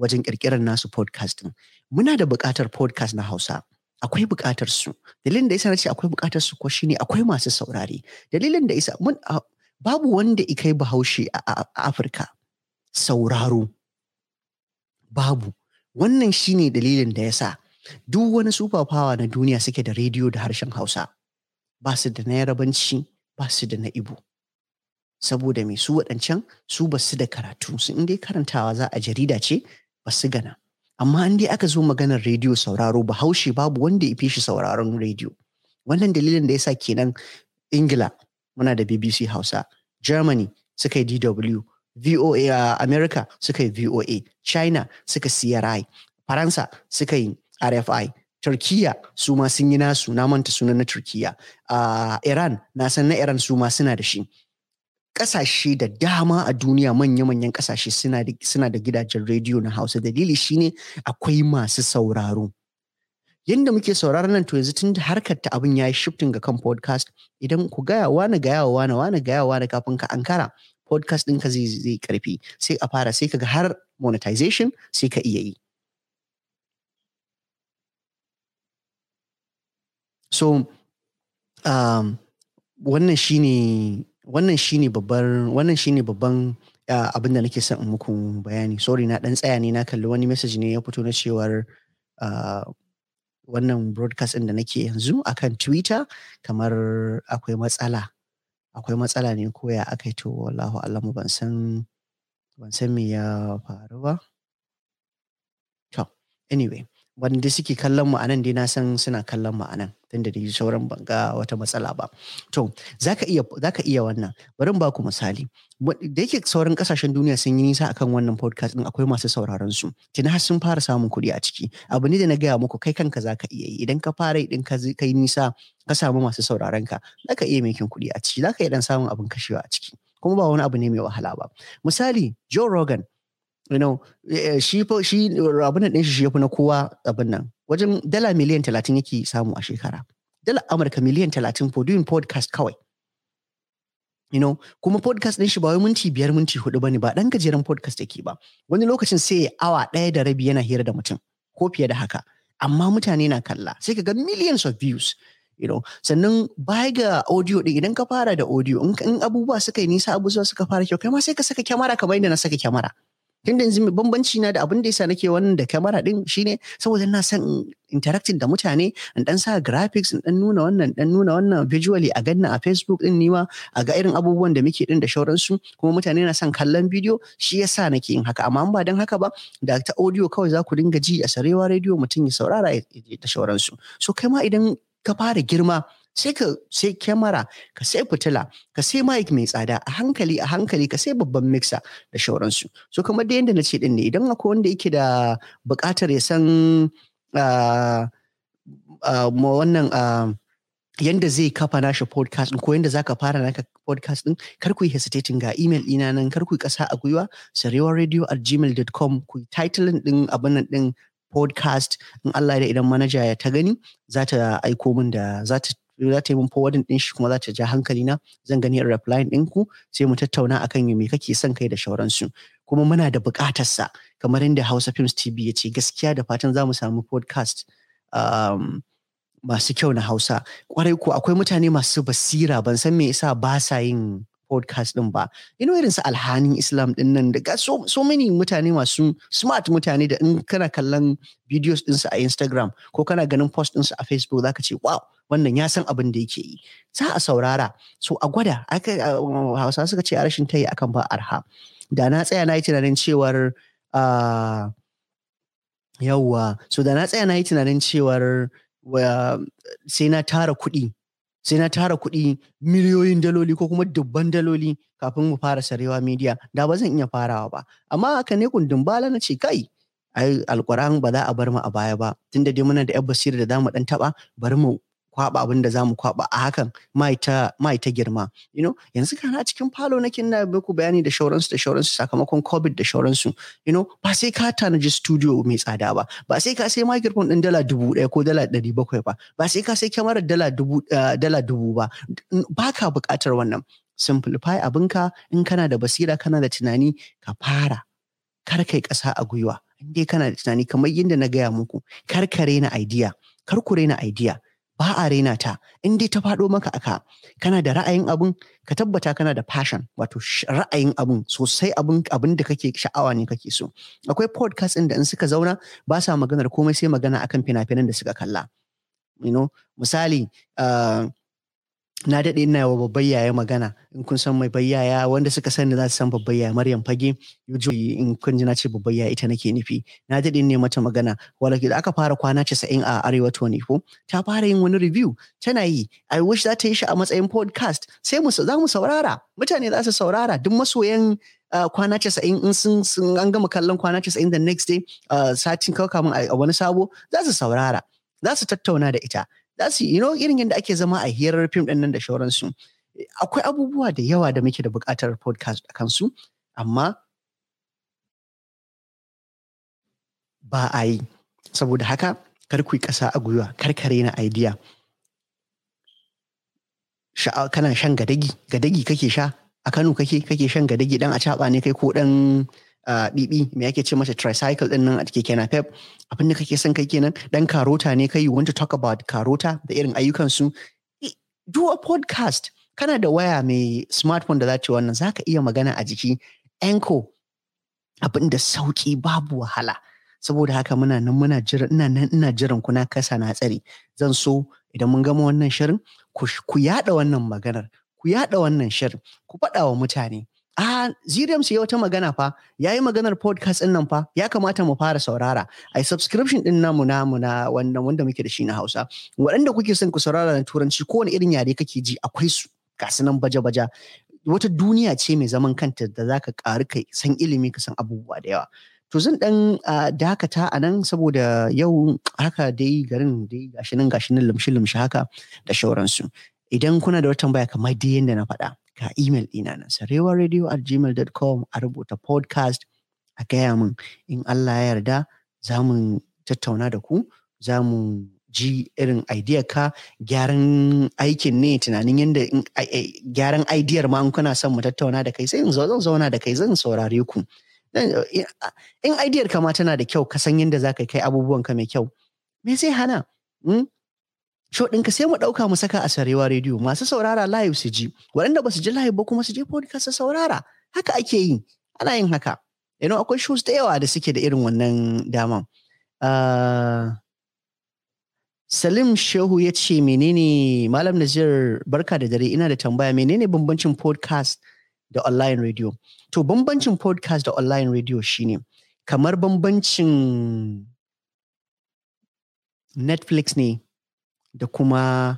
Speaker 2: wajen ƙirƙirar nasu podcast ɗin muna da buƙatar podcast na hausa akwai buƙatar su dalilin da yasa na ce akwai buƙatar su ko shine akwai masu saurare dalilin da yasa mun babu wanda ikai bahaushe a Afirka sauraro babu wannan shine dalilin da yasa duk wani super power na duniya suke da rediyo da harshen Hausa ba su da na yarabanci ba su da na Ibo saboda me su waɗancan su ba su da karatu su inda dai karantawa za a jarida ce ba su gana amma in dai aka zo maganar rediyo sauraro bahaushe babu wanda ya fi shi sauraron rediyo wannan dalilin da ya yasa kenan ingila muna da bbc hausa germany suka yi dw voa uh, america suka yi voa china suka cri faransa suka yi rfi turkiya su ma sun yi nasu na manta sunan na turkiya uh, iran na san na iran su ma suna da shi kasashe da dama a duniya manya-manyan kasashe suna da gidajen rediyo na hausa dalili shine akwai masu sauraro yadda muke sauraron nan to yanzu tun da harkar ta abin ya yi shifting ga kan podcast idan ku gaya wani gaya wani wani gaya wani kafin ka ankara podcast ɗinka zai zai karfi sai a fara sai ka ga har monetization sai ka iya yi so um, wannan shine wannan shine ne wannan babban ah, abin da nake son in muku bayani sorry na dan tsaya ne na kalli wani message ne ya fito na cewar ah, wannan broadcast ɗin da nake yanzu akan twitter kamar akwai matsala akwai matsala ne koya ya aka to wallahu alamu ban san ban san me ya faru ba to anyway wanda suke kallon mu anan dai na san suna kallon mu anan tunda da sauran banga wata matsala ba to zaka iya zaka iya wannan bari in baku misali da yake sauran kasashen duniya sun yi nisa akan wannan podcast din akwai masu sauraron su na har sun fara samun kuɗi a ciki abu ne da na gaya muku kai kanka zaka iya yi idan ka fara idan ka kai nisa ka samu masu sauraron ka zaka iya makin kuɗi a ciki zaka iya dan samun abin kashewa a ciki kuma ba wani abu ne mai wahala ba misali Joe Rogan you know eh, eh, shi shi abin da shi ya na kowa abin nan wajen dala miliyan talatin yake samu a shekara dala amurka miliyan talatin for doing podcast kawai you know kuma podcast din shi ba wai minti biyar minti hudu bane ba dan gajeren podcast yake ba wani lokacin sai awa ɗaya da rabi yana hira da mutum ko fiye da haka amma mutane na kalla sai ka ga millions of views you know sannan baya ga audio din idan ka fara da audio in abubuwa suka yi nisa abubuwa suka fara kyau kai ma sai ka saka kyamara kamar yadda na saka kyamara tunda yanzu bambanci na da abin da yasa nake wannan da kamera din shine saboda na son interacting da mutane in dan sa graphics in dan nuna wannan dan nuna wannan visually a ganna a Facebook din nima a ga irin abubuwan da muke din da shauransu kuma mutane na son kallon bidiyo shi yasa nake yin haka amma ba dan haka ba da ta audio kawai za ku dinga ji a sarewa rediyo mutum ya saurara da shauransu so kai ma idan ka fara girma sai ka sai kyamara ka sai fitila ka sai mic mai tsada a hankali a hankali ka sai babban mixer da shauransu so kamar da yadda na ce din ne idan akwai wanda yake da buƙatar ya san ah, ah, wannan ah, yanda zai kafa nashi podcast ko yanda zaka fara naka podcast din kar ku hesitating ga email ina nan kar ku kasa a gwiwa sarewaradio@gmail.com ku title din abin nan din podcast in Allah da idan manaja ya ta gani za ta aiko min da za ta za ta yi min forwarding din shi kuma za ta ja hankali na zan gani in reply din ku sai mu tattauna akan me kake son kai da shauransu kuma muna da buƙatar sa kamar inda Hausa Films TV ya ce gaskiya da fatan za mu samu podcast um, masu kyau na Hausa kwarai ku akwai mutane masu basira ban san me yasa ba sa yin podcast din ba ino irin su alhanin islam din nan da so, so many mutane masu smart mutane da in kana kallon videos ɗinsu a instagram ko kana ganin post ɗinsu a facebook zaka ce wow wannan ya san abin da yake yi za a saurara so a gwada hausa suka ce a rashin yi akan ba arha da na tsaya na yi tunanin cewar yawwa so da na tsaya na yi tunanin cewar sai na tara kuɗi sai na tara kuɗi miliyoyin daloli ko kuma dubban daloli kafin mu fara sarewa media da ba zan iya farawa ba amma haka ne kundin bala na ce kai ai alquran ba za a bar mu a baya ba tunda dai muna da yar basira da zamu dan taba bari mu kwaba abin da zamu kwaba a hakan mai ta girma you know yanzu kana cikin falo nake ina muku bayani da shauransu da shauransu sakamakon covid da shauransu you know ba sai ka tanaji studio mai tsada ba ba sai ka sai microphone din dala dubu ɗaya ko dala ɗari bakwai ba ba sai ka sai kyamarar dala dubu eh, dala dubu ba baka buƙatar wannan simplify abinka in kana da basira kana da tunani ka fara kar kai ƙasa a gwiwa in dai kana da tunani kamar yadda na gaya muku kar ka raina idea kar ku raina idea ba a raina ta in dai ta faɗo maka aka kana da ra'ayin abun ka tabbata kana da passion wato ra'ayin abun sosai abun abin da kake sha'awa ne kake so akwai podcast inda da in suka zauna ba sa maganar komai sai magana akan fina-finan da suka kalla you know misali uh, na daɗe ina wa babban yaya magana in kun san mai bayyaya wanda suka sani za su san babban yaya Maryam Fage yujo in kun ji na ce babban yaya ita nake nufi na daɗe ne mata magana wala da aka fara kwana 90 a Arewa 24 ta fara yin wani review tana yi I wish za ta yi shi a matsayin podcast sai mu za mu saurara mutane za su saurara duk masoyan ah, kwana casa'in in sun an gama kallon kwana casa'in the next day ah, satin kawai kamun a wani sabo za su saurara za su tattauna da ita za su you know irin yadda ake zama a hirar fim ɗin nan da shauransu akwai abubuwa da yawa da muke da buƙatar podcast a kansu amma ba a yi saboda haka kar ku yi ƙasa a gwiwa kar ka raina idea kana shan gadagi gadagi kake sha a Kano kake kake shan gadagi dan a ne kai ko dan ɗiɗi ah, me ake ce masa tricycle din nan a keke pep abin da kake son kai kenan dan karota ne kai you want to talk about karota da irin ayyukan su eh, do a podcast kana da waya mai smartphone da za ci wannan zaka iya magana a jiki enko abin da sauki babu wahala saboda haka muna nan muna jiran ina nan ina jiran kuna kasa na tsare. zan so idan mun gama wannan shirin ku yada wannan maganar ku yada wannan shirin ku faɗa wa mutane a Ziriams ya wata magana fa ya yi maganar podcast ɗin nan fa ya kamata mu fara saurara ai subscription din namu na wannan wanda muke da shi na Hausa waɗanda kuke son ku saurara na turanci kowane irin yare kake ji akwai su gasu nan baja-baja wata duniya ce mai zaman kanta da za ka ƙari kai san ilimi ka san abubuwa da yawa to zan dan dakata a nan saboda yau haka dai garin dai gashi nan gashi nan lumshi lumshi haka da shauransu idan kuna da wata tambaya kamar dai yadda na faɗa ga email ɗina na sarewa radio at gmail.com a rubuta podcast a gaya min in Allah ya yarda za mu tattauna da ku za mu ji irin idea ka gyaran aikin ne tunanin yadda gyaran idiyar ma kuna son mu tattauna da kai sai in zauna da kai zan saurare ku eh, in idiyar ka ma tana da kyau ka san yadda za ka kai abubuwan ka mai kyau me zai hana hmm? show ɗinka sai mu ɗauka mu saka a sarewa rediyo masu saurara live su ji waɗanda ba su ji live ba kuma su je podcast saurara haka ake yi ana yin haka you akwai shows da yawa da suke da irin wannan daman ah, Salim Shehu ya ce menene Malam Nazir barka da dare ina da tambaya menene bambancin podcast da online radio to bambancin podcast da online radio shine kamar bambancin Netflix ne da kuma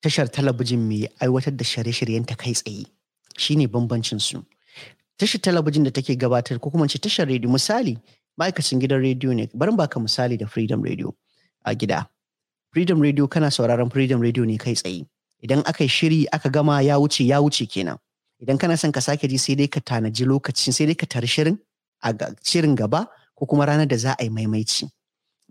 Speaker 2: tashar talabijin mai aiwatar da shirye-shiryen ta kai tsaye shine bambancin su tashar talabijin da take gabatar ko kuma ce tashar rediyo misali ma'aikacin gidan rediyo ne barin ka misali da freedom radio a gida freedom radio kana sauraron freedom radio ne kai tsaye idan aka yi shiri aka gama ya wuce ya wuce kenan idan kana son ka sake ji sai dai ka tanaji lokacin sai dai ka tari shirin a shirin gaba ko kuma ranar da za a yi maimaici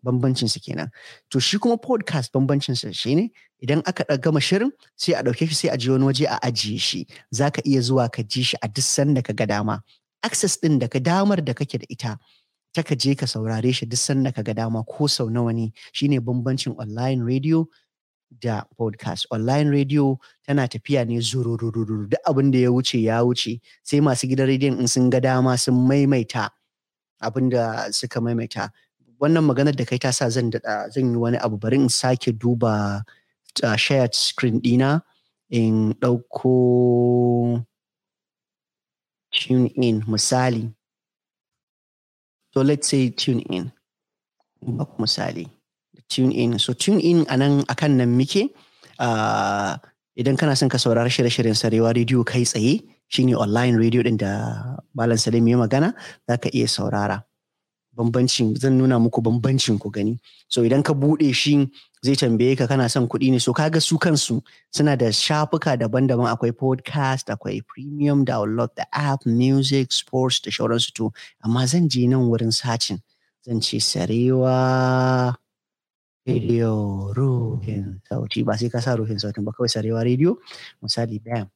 Speaker 2: bambancin su kenan to shi kuma podcast bambancin sa ne idan aka gama shirin sai a ɗauke shi sai a ji wani waje a ajiye shi za ka iya zuwa ka ji shi a duk sanda ka ga dama access ɗin da ka damar da kake da ita ta ka je ka saurare shi duk sanda ka ga dama ko sau nawa ne shine bambancin online radio da podcast online radio tana tafiya ne zururururu duk abin da ya wuce ya wuce sai masu gidan rediyon in sun ga dama sun maimaita abinda suka maimaita wannan maganar da kai ta sa zan daɗa zan yi wani abu bari in sake duba ah, shared screen ɗina in ɗauko tune in misali so let's say tune in misali tune in so tune in a nan akan nan muke ah, idan kana son ka saurari shirye-shiryen sarewa rediyo kai tsaye shine online radio ɗin da malam salim ya magana za ka iya saurara bambancin zan nuna muku bambancin ku gani so idan ka buɗe shi zai tambaye ka kana son kuɗi ne so ga su kansu suna da shafuka daban-daban akwai podcast akwai premium download The app music sports da shauransu to amma zan je nan wurin sacin zan ce sarewa radio ruhin sauti ba sai ka sa ruhin sautin ba kawai sarewa radio misali bam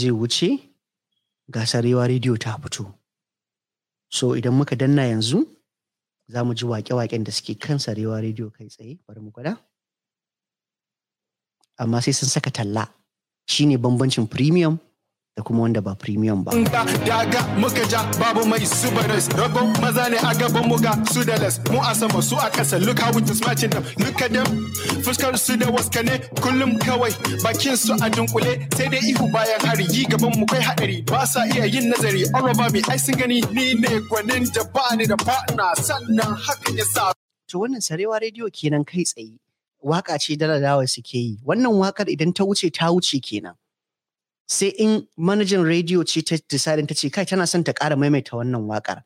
Speaker 2: zai wuce ga sarewa radio ta fito so idan muka danna yanzu za mu ji waƙe-waƙen da suke kan sarewa rediyo kai tsaye bari mu gwada amma sai sun saka talla shi ne bambancin premium da kuma wanda ba premium ba.
Speaker 1: daga muka ja babu mai race. Rabon maza ne a gaban muga su da les mu a sama su a ƙasa look how we just matching them look at them fuskar su da waska ne kullum kawai bakin su a dunkule sai dai ihu bayan hari yi gaban mu kai hadari ba sa iya yin nazari all over me ai sun gani ni ne gwanin da ba ni da partner sannan haka ya sa. to wannan sarewa rediyo kenan kai tsaye
Speaker 2: waka ce dala dawa suke yi wannan wakar idan ta wuce ta wuce kenan. sai in manajan rediyo ce ta decide ta ce kai tana son ta kara maimaita wannan wakar.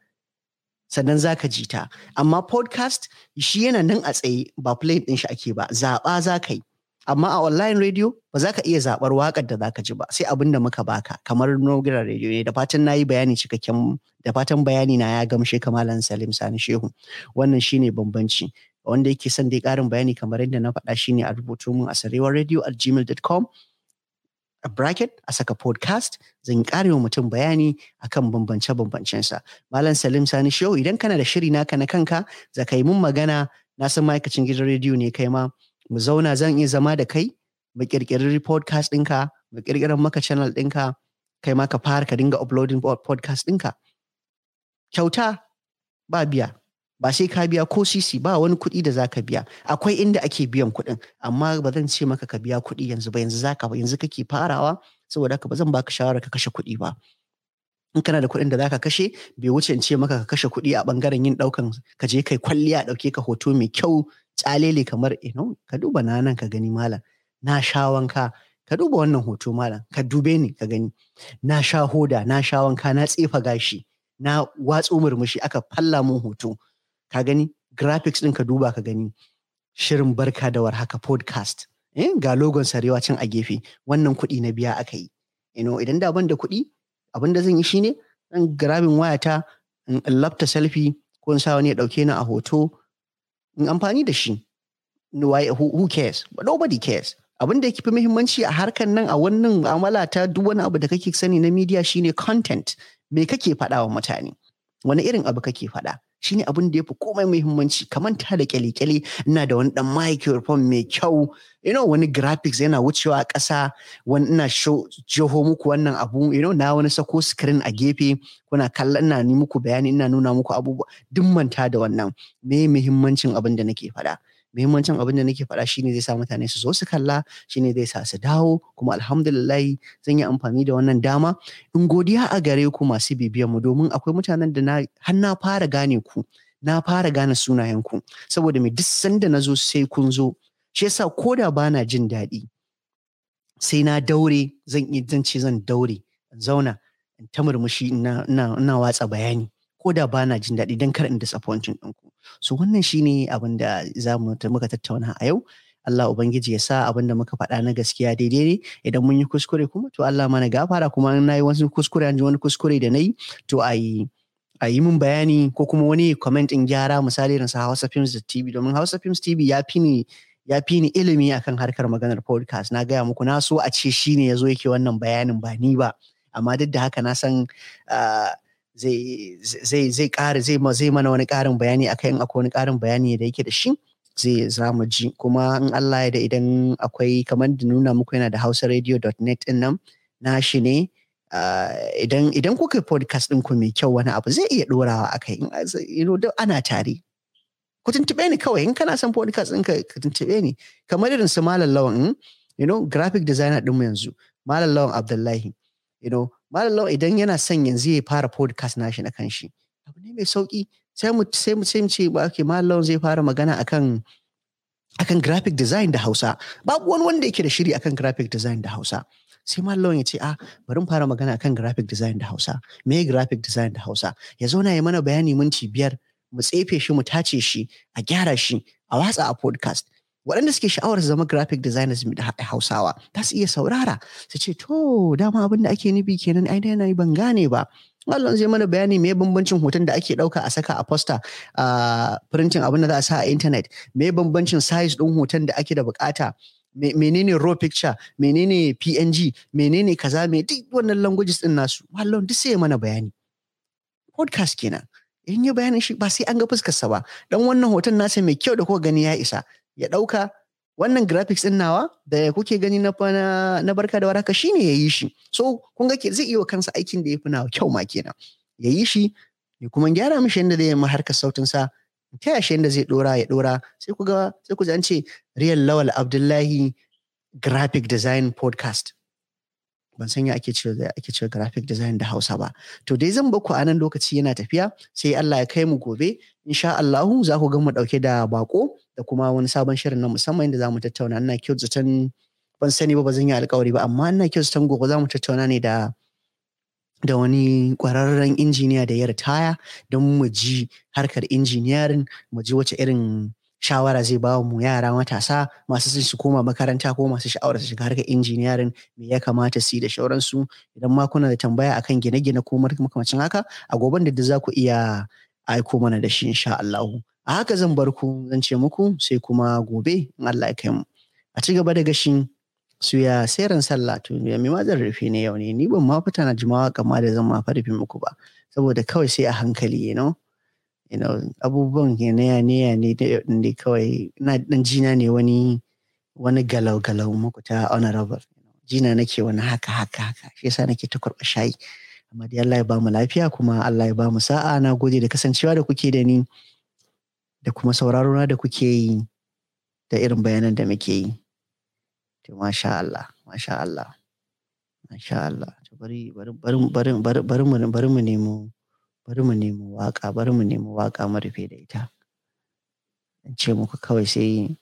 Speaker 2: sannan za ka ji ta amma podcast shi yana nan a tsaye ba play din shi ake ba zaɓa za ka yi amma a online radio ba za ka iya zaɓar wakar da za ka ji ba sai abin da muka baka kamar nogira radio ne da fatan na yi bayani cikakken da fatan bayani na ya gamshe kamalan salim sani shehu wannan shine bambanci wanda yake son dai karin bayani kamar yadda na faɗa shine a rubutu mun a sarewar radio at gmail.com a bracket a saka podcast zan ƙare wa mutum bayani akan bambance bambancen sa Malam Salim Sani Show idan kana da shiri naka na kanka za ka yi mun magana na san ma'aikacin gidan rediyo ne kai ma mu zauna zan iya zama da kai mu ƙirƙiri podcast ɗinka mu maka channel ɗinka kai ma ka fara ka dinga uploading podcast ɗinka. Kyauta ba biya. ba sai ka biya ko sisi ba wani kuɗi da za ka biya akwai inda ake biyan kuɗin amma ba zan ce maka ka biya kuɗi yanzu ba yanzu zaka ba yanzu kake farawa saboda haka ba zan baka shawara ka kashe kuɗi ba in kana da kuɗin da zaka kashe bai wuce in ce maka ka kashe kuɗi a bangaren yin ɗaukan ka je kai kwalliya ɗauke ka hoto mai kyau tsalele kamar ino eh, ka duba na nan ka gani malam na sha wanka ka duba wannan hoto malam ka dube ni ka gani na sha hoda na sha wanka na tsefa gashi na watsu murmushi aka falla mun hoto ka gani graphics ɗin ka duba ka gani shirin barka da warhaka podcast eh? ga logon sarewa can a gefe wannan kuɗi na biya aka yi you know, idan da ban da kuɗi abin da zan yi shine zan grabin wayata in labta selfie ko in sa wani ya ɗauke ni a hoto in amfani da shi why who, who cares nobody cares abin da fi muhimmanci a harkar nan a wannan amala ta duk wani abu da kake sani na media shine content me kake faɗa wa mutane wani irin abu kake faɗa shine abin da ya fi komai muhimmanci kamar ta da kyale-kyale ina da wani dan microphone mai kyau you know wani graphics yana wucewa a ƙasa wani ina jiho muku wannan abu you know na wani sako screen a gefe kuna kallon ina ni muku bayani ina nuna muku abubuwa duk manta da wannan me muhimmancin abin da nake faɗa muhimmancin abin da nake faɗa shine zai sa mutane su zo su kalla shine zai sa su dawo kuma alhamdulillah zan yi amfani da wannan dama in godiya a gare ku masu bibiyan mu domin akwai mutanen da na har na fara gane ku na fara gane sunayen ku saboda me duk sanda na zo sai kun zo shi yasa ko da bana jin daɗi sai na daure zan yi zan ce zan daure zauna in ta murmushi ina watsa bayani ko da bana jin daɗi dan kar in disappointing ɗinku. So wannan shine abin da za mu muka tattauna a yau. Allah Ubangiji ya sa abin da muka faɗa na gaskiya daidai ne idan mun yi kuskure kuma to Allah mana gafara kuma na yi wasu kuskure an ji wani kuskure da na yi to a yi a yi min bayani ko kuma wani comment in gyara misali irin sa Hausa Films da TV domin Hausa Films TV ya fi ni ya fi ni ilimi akan harkar maganar podcast na gaya muku na so a ce shi shine yazo yake wannan bayanin ba ni ba amma duk da haka na san ah, zai zai ƙara zai zai mana wani ƙarin bayani akai in akwai wani karin bayani da yake da shi zai za mu ji kuma in Allah ya da idan akwai kamar da nuna muku yana da hausa radio.net din nan nashi ne idan idan kuka podcast din ku mai kyau wani abu zai iya dorawa akai in ana tare ku tuntuɓe ni kawai in kana son podcast din ka tuntuɓe ni kamar irin su malam lawan you know graphic designer mu yanzu malam lawan abdullahi you know malallau idan yana son yanzu ya fara podcast nashi na kan shi abu ne mai sauki sai mu sai mu ce ba okay malallau zai fara magana akan akan graphic design da Hausa babu wani wanda yake da shiri akan graphic design da Hausa sai malallau ya ce ah bari mu fara magana akan graphic design da Hausa me graphic design da Hausa ya zo na yi mana bayani minti biyar mu tsefe shi mu tace shi a gyara shi a watsa a podcast waɗanda suke sha'awar zama graphic designers hausawa ta su iya saurara su ce to dama abin da ake nufi kenan ai na ban gane ba Allah zai mana bayani me bambancin hoton da ake ɗauka a saka a poster a printing abin da za a sa a internet me bambancin size ɗin hoton da ake da bukata menene raw picture menene png menene kaza me duk wannan languages din nasu wallon duk sai mana bayani podcast kenan in yi bayanin shi ba sai an ga fuskarsa ba dan wannan hoton nasa mai kyau da kuka gani ya isa ya ɗauka wannan graphics ɗin nawa da kuke gani na na barka da waraka shine ya yi shi so kun ga zai iya kansa aikin da ya fi nawa kyau ma kenan ya yi shi ya kuma gyara mishi yadda zai yi harkar sautin sa ta yashi yadda zai ɗora ya ɗora sai ku ga sai ku ji real lawal abdullahi graphic design podcast ban san ya ake ce ake ce graphic design da Hausa ba to dai zan baku a nan lokaci yana tafiya sai Allah ya kai mu gobe insha Allah za ku ga mu dauke da bako da kuma wani sabon shirin na musamman inda za mu tattauna ina kyautatan ban sani ba ba zan yi alkawari ba amma ina kyautatan gobe za mu tattauna ne da da wani kwararren injiniya da ya ritaya don mu ji harkar injiniyarin mu ji wace irin shawara zai ba mu yara matasa masu sun su koma makaranta ko masu sha'awar su shiga harkar injiniyarin me ya kamata su yi da shauransu idan ma kuna da tambaya akan gine-gine ko makamacin haka a goben da za ku iya aiko mana da shi insha Allah. a haka zan bar ku zan ce muku sai kuma gobe in Allah ya kai mu a ci gaba da gashin suya sairan sallah to ya mi mazan rufe ne yau ne ni ban ma fita na jimawa kamar da zan ma rufe muku ba saboda kawai sai a hankali you know you know abubuwan ya ne ya ne ya kawai na dan jina ne wani wani galau galau muku ta honorable jina nake wani haka haka haka shi yasa nake ta kurɓa shayi amma dai Allah ya ba mu lafiya kuma Allah ya ba mu sa'a na gode da kasancewa da kuke da ni da kuma saurarona da kuke yi da irin bayanan da muke yi. To masha Allah, masha Allah, masha Allah. To bari bari mu nemo bari mu nemo waka bari mu nemo waka marufe da ita. In ce muku kawai sai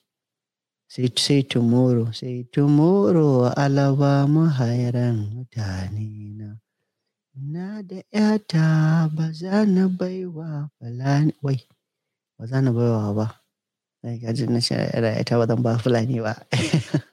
Speaker 2: sai sai tomorrow sai tomorrow alaba mu mutane na. Na da ‘yata ba za na baiwa fulani wai. ba za ni baiwa ba na gajin na shari'a ita ba zan ba fulani ba *laughs*